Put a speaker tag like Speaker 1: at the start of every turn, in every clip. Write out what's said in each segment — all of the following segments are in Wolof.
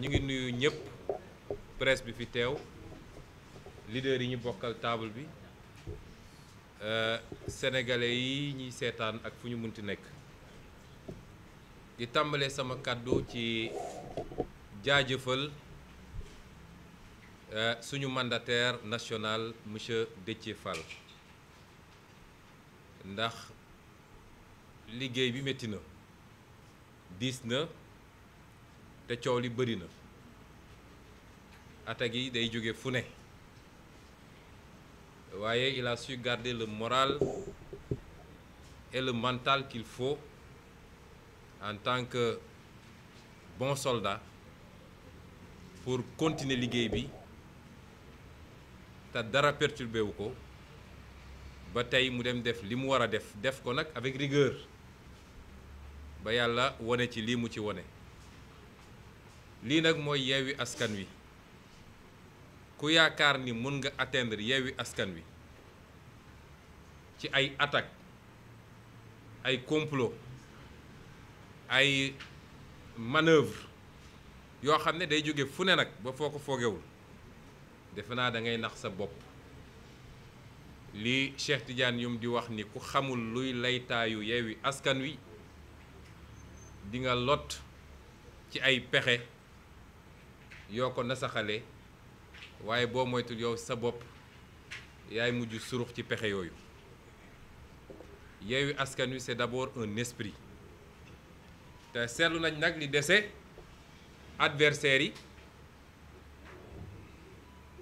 Speaker 1: ñu ngi nuyu ñëpp presse bi fi teew leader yi ñu bokkal taabal bi euh, sénégalais yi ñuy seetaan ak fu ñu munti nekk di tàmbalee sama kàddu ci jaajëfal euh, suñu mandataire national monsieur Déthié Fall ndax liggéey bi métti na diis na te coow li bëri na ata yi day jóge fu ne waaye il a su garder le moral et le en tant que bon soldat pour continuer liggéey bi te dara perturbé wu ko ba tey mu dem def li mu war a def def ko nag avec rigueur ba yàlla wone ci lii mu ci wone lii nag mooy yeewi askan wi ku yaakaar ni mun nga atteindre yeewi askan wi ci ay attaque ay complot ay manœuvre yoo xam ne day jóge fu ne nag ba foo ko foogewul defe naa dangay nax sa bopp lii Cheikh Tidiane yum di wax ni ku xamul luy laytaayu yeewi askan wi dinga nga lot ci ay pexe yoo ko nasaxale waaye boo moytul yow sa bopp yaay mujj surux ci pexe yooyu Yewwi Askan Wi c'est d'abord un esprit te seetlu nañ nag li dese adversaires yi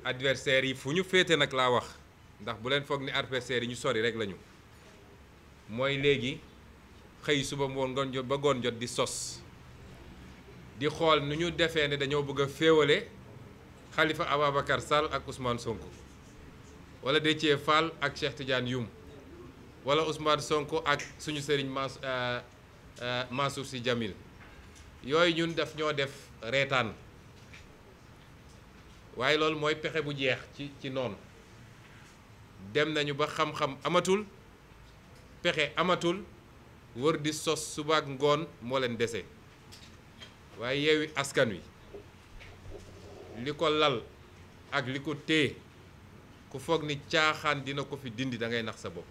Speaker 1: adversaires yi fu ñu féete nag laa wax ndax bu leen foog ni adversaires yi ñu sori rek lañu mooy léegi xëy suba ngoon jot ba jot di sos di xool nu ñu defee ne dañoo bëgg a féewale xalifa Ababacar Sall ak Ousmane Sonko wala Déthié Fall ak Cheikh yum Youm wala Ousmane Sonko ak suñu sëriñ Mas euh, euh, Mansour si Djamil yooyu ñun daf ñoo def reetaan waaye loolu mooy pexe bu jeex ci ci noonu dem nañu ba xam-xam amatul pexe amatul wër di sos subaak ngoon moo leen dese. waaye yeewi askan wi li ko lal ak li ko téye ku foog ni caaxaan dina ko fi dindi da ngay nax sa bopp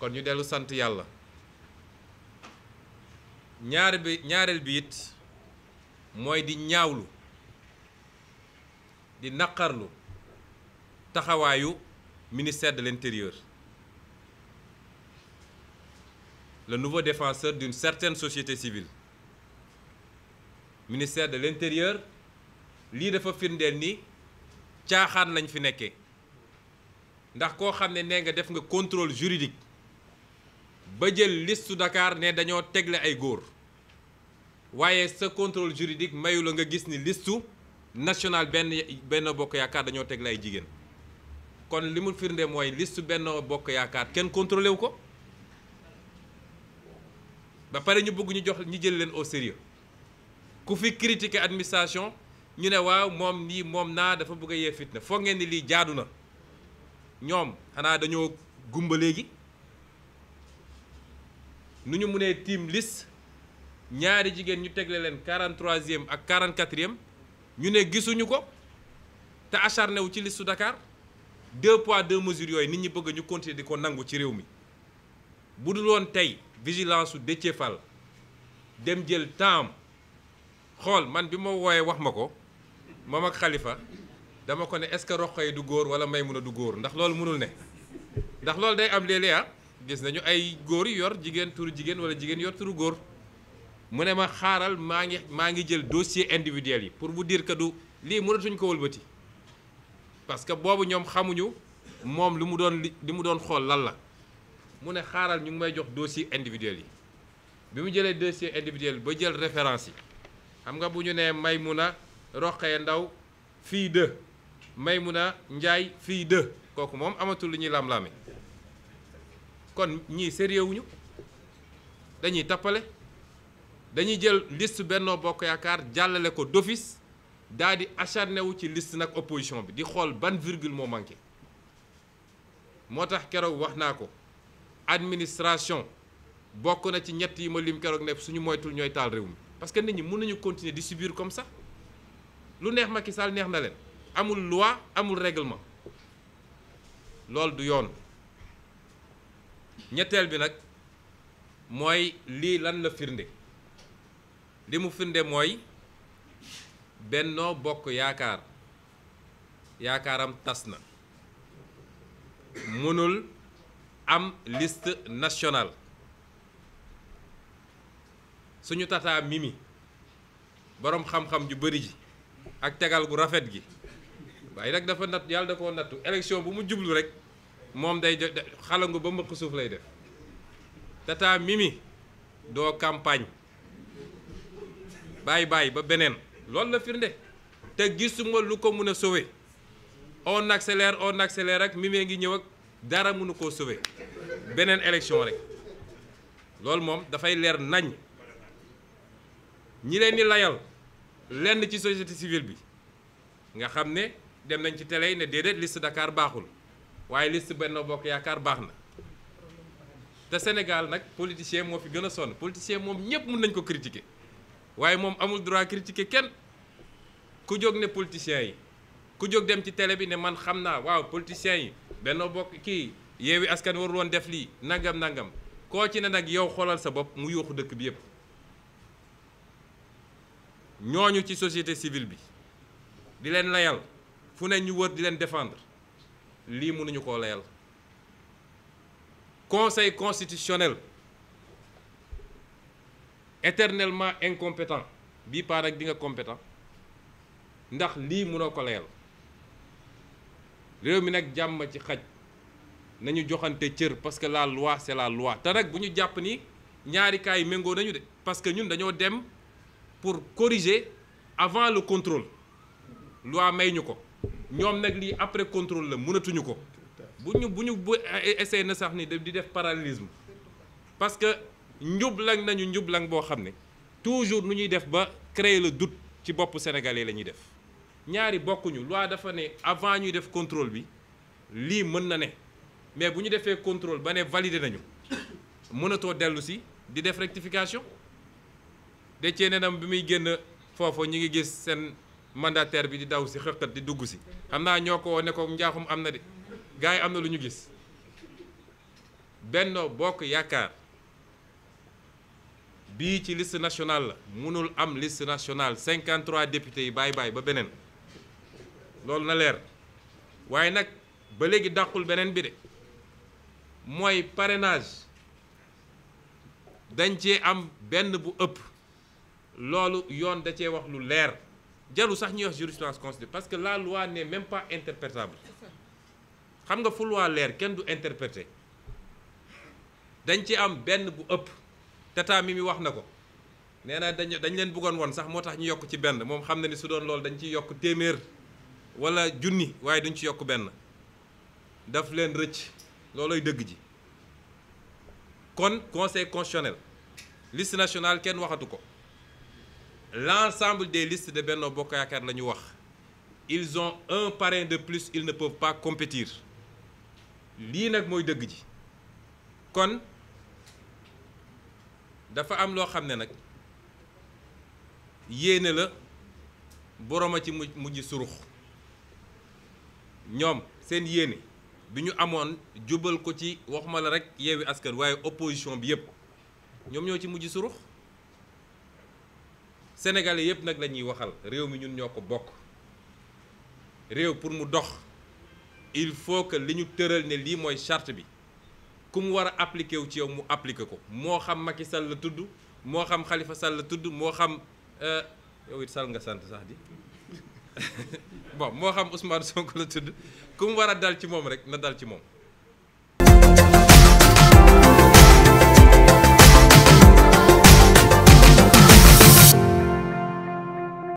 Speaker 1: kon ñu dellu sant yàlla ñaar bi ñaareel bi it mooy di ñaawlu di naqarlu taxawaayu ministère de l'intérieur le nouveau défenseur d'une certaine société civile ministère de l'intérieur lii dafa firndeel ni caaxaan lañ fi nekke ndax koo xam ne nee nga def nga contrôle juridique ba jël listu Dakar ne dañoo tegle ay góor waaye sa contrôle juridique mayula nga gis ni listu nationale benn bokk yaakaar dañoo tegle ay jigéen kon li mu firnde mooy listu benn bokk yaakaar kenn contrôlé wu ko ba pare ñu bëgg ñu jox ñu jël leen au ku fi critiquer administration ñu ne waaw moom nii moom naa dafa bëgg a yee fitna foo ngeen ni lii jaadu na ñoom xanaa dañoo gumba léegi nu ñu mënee tiim liste ñaari jigéen ñu tegle leen 43e ak 44 ñu ne gisuñu ko te acharné wu ci listu Dakar deux poids deux mesures yooyu nit ñi bëgg ñu continuer di ko nangu ci réew mi bu dul woon tey vigilance su Déthié Fall dem jël temps xool man bi ma wooyee wax ma ko moom ak xalifa dama ko ne est-ce que Roqaya du góor wala a du góor ndax loolu mënul ne ndax loolu day am léeg-léeg ah, gis nañu ay góor yu yor jigéen turu jigéen wala jigéen yor turu góor mu ne ma xaaral maa ngi maa ngi jël dossier individuel yi pour bu dire que lii mënatuñ ko wëlbati parce que boobu ñoom xamuñu moom li mu doon li mu doon xool lan la mu ne xaaral ñu ngi may jox dossier individuel yi bi mu jëlee dossier individuel ba jël référence yi xam nga bu ñu nee may Maymuna Roqee Ndaw fii dë Maymuna Njaay fii dë kooku moom amatul lu ñuy lam-lame kon ñii sérieux wuñu dañuy tappale dañuy jël liste Benno Bokk Yaakaar jàllale ko d'office daldi di acharné wu ci list nag opposition bi di xool ban virgule moo manqué moo tax keroog wax naa ko administration bokk na ci ñett yi ma lim keroog ne suñu moytul ñooy taal réew mi parce que nit ñi mun nañu continuer di subir comme ça lu neex Macky Sall neex na leen amul loi amul règlement loolu du yoon ñetteel bi nag mooy lii lan la firnde li mu firnde mooy Benno Bokk Yaakaar yaakaaram tas na mënul am liste nationale suñu tataa mimi borom xam-xam ju bëri ji ak tegal gu rafet gi waaye nag dafa natt yàlla da koo nattu élection bu mu jublu rek moom day jo xalangu ba mbëkk suuf lay def tataa mimi doo campagne baay bàyyi ba beneen loolu la firnde te gisuma lu ko mun a sauver on accélère on accélère ak mimi ngi ñëw ak dara mënu koo sowe beneen élection rek loolu moom dafay leer nañ ñi leen di layal lenn ci société civile bi nga xam ne dem nañ ci télé yi ne déedéet liste Dakar baaxul waaye liste benn Bokk Yaakaar baax na te Sénégal nag politicien moo fi gën a sonn politicien moom ñëpp mun nañ ko critiquer waaye moom amul droit critiquer kenn ku jóg ne politiciens yi ku jóg dem ci télé bi ne man xam naa waaw politiciens yi benn Bokk kii Yewwi Askan waruloon def lii nangam nangam koo ci ne nag yow xoolal sa bopp mu yuuxu dëkk bi yëpp. ñooñu ci société civile bi di leen layal fu ne ñu wër di leen défendre lii mënuñu koo layal conseil constitutionnel éternellement incompétent bii paar ak nga compétent ndax lii mënoo ko layal réew mi nag jàmm ci xaj nañu joxante cër parce que la loi c'est la loi te nag bu ñu jàpp ni ñaari kaay méngoo nañu de parce que ñun dañoo dem pour corriger avant le contrôle loi may ñu ko ñoom nag lii après contrôle la mënatuñu ko bu ñu bu ñu bu essayé na sax ni di def parallélisme parce que njublang nañu njublang boo xam ne toujours nu ñuy def ba créer la doute ci bopp sénégalais la ñuy def ñaari bokkuñu loi dafa ne avant ñuy def contrôle bi lii mën na ne mais bu ñu defee contrôle ba ne validé nañu mënatoo dellu si di def rectification Déthié nee bi muy génn foofu ñu ngi gis seen mandateer bi di daw si xëqat di dugg si xam naa ñoo ko woo ne ko njaaxum am na de gars yi am na lu ñu gis Benno Bokk Yaakaar bii ci list nationale la munul am liste nationale 53 yi baay bàyyi ba beneen loolu na leer waaye nag ba léegi dàqul beneen bi de mooy parrainage dañ ci am benn bu ëpp loolu yoon da cee wax lu leer jaru sax ñuy wax jurisprudence constitutionnelle parce que la loi n'est même pas interprétable xam nga fu loi leer kenn du interpréter dañ ci am benn bu ëpp tata mi mi wax na ko nee na dañ dañ leen bëggoon woon sax moo tax ñu yokk ci benn moom xam na ni su doon lool dañ ciy yokk téeméer wala junni waaye duñ ci yokk benn daf leen rëcc looloy dëgg ji kon conseil constitutionnel liste nationale kenn waxatu ko l'ensemble des listes de Benno Bokk Yaakaar la ñu wax ils ont un parrain de plus ils ne peuvent pas compétir lii nag mooy dëgg ji kon dafa am loo xam ne nag yéene la boroom a ci mujj mujj surux ñoom seen yéene bi ñu amoon jubal ko ci waxuma la rek yeewi askan waaye opposition bi yépp ñoom ñoo ci mujj surux sénégalais yëpp nag la ñuy waxal réew mi ñun ñoo ko bokk réew pour mu dox il faut que li ñu tëral ne lii mooy charte bi ku mu war a appliqué wu ci yow mu appliqué ko moo xam Macky Sall la tudd moo xam xalifa Sall la tudd moo xam euh, yow it Sall nga sant sax di bon moo xam Ousmane Sonko la tudd ku mu war a dal ci moom rek na dal ci moom.